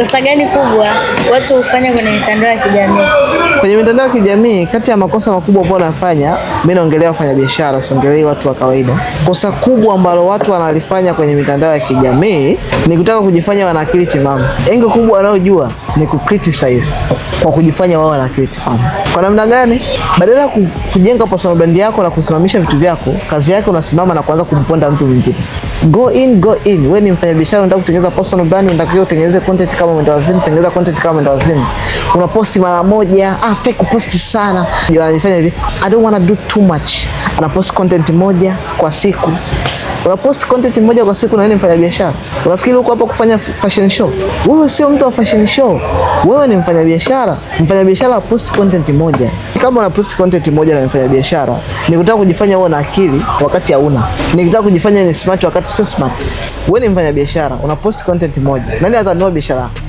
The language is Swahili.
Kosa gani kubwa watu hufanya kwenye mitandao ya kijamii? Kwenye mitandao ya kijamii, kati ya makosa makubwa ambayo wanafanya, mimi naongelea wafanyabiashara, siongelei watu wa kawaida. Kosa kubwa ambalo watu wanalifanya kwenye mitandao ya kijamii ni kutaka kujifanya wana akili timamu. Engo kubwa wanaojua ni ku criticize kwa kujifanya wao wana akili timamu. Kwa namna gani? Badala ya kujenga personal brand yako na kusimamisha vitu vyako, kazi yake unasimama na kuanza kumponda mtu mwingine. Go in, go in. Wewe ni mfanyabiashara unataka kutengeneza personal brand, unatakiwa utengeneze content kama mwendo wazimu, tengeneza content kama mwendo wazimu. Unaposti mara moja, ah, sitaki kuposti sana. Unajifanya hivi. I don't want to do too much anapost content moja kwa siku. Unapost content moja kwa siku na wewe ni mfanyabiashara? Unafikiri uko hapo kufanya fashion show? Wewe sio mtu wa fashion show, wewe ni mfanyabiashara. Mfanyabiashara apost content moja. Kama unapost content moja na mfanyabiashara, nikutaka kujifanya uwe na akili wakati hauna, nikutaka kujifanya ni smart wakati sio smart. Wewe ni mfanyabiashara, unapost content moja, nani atanua biashara yako?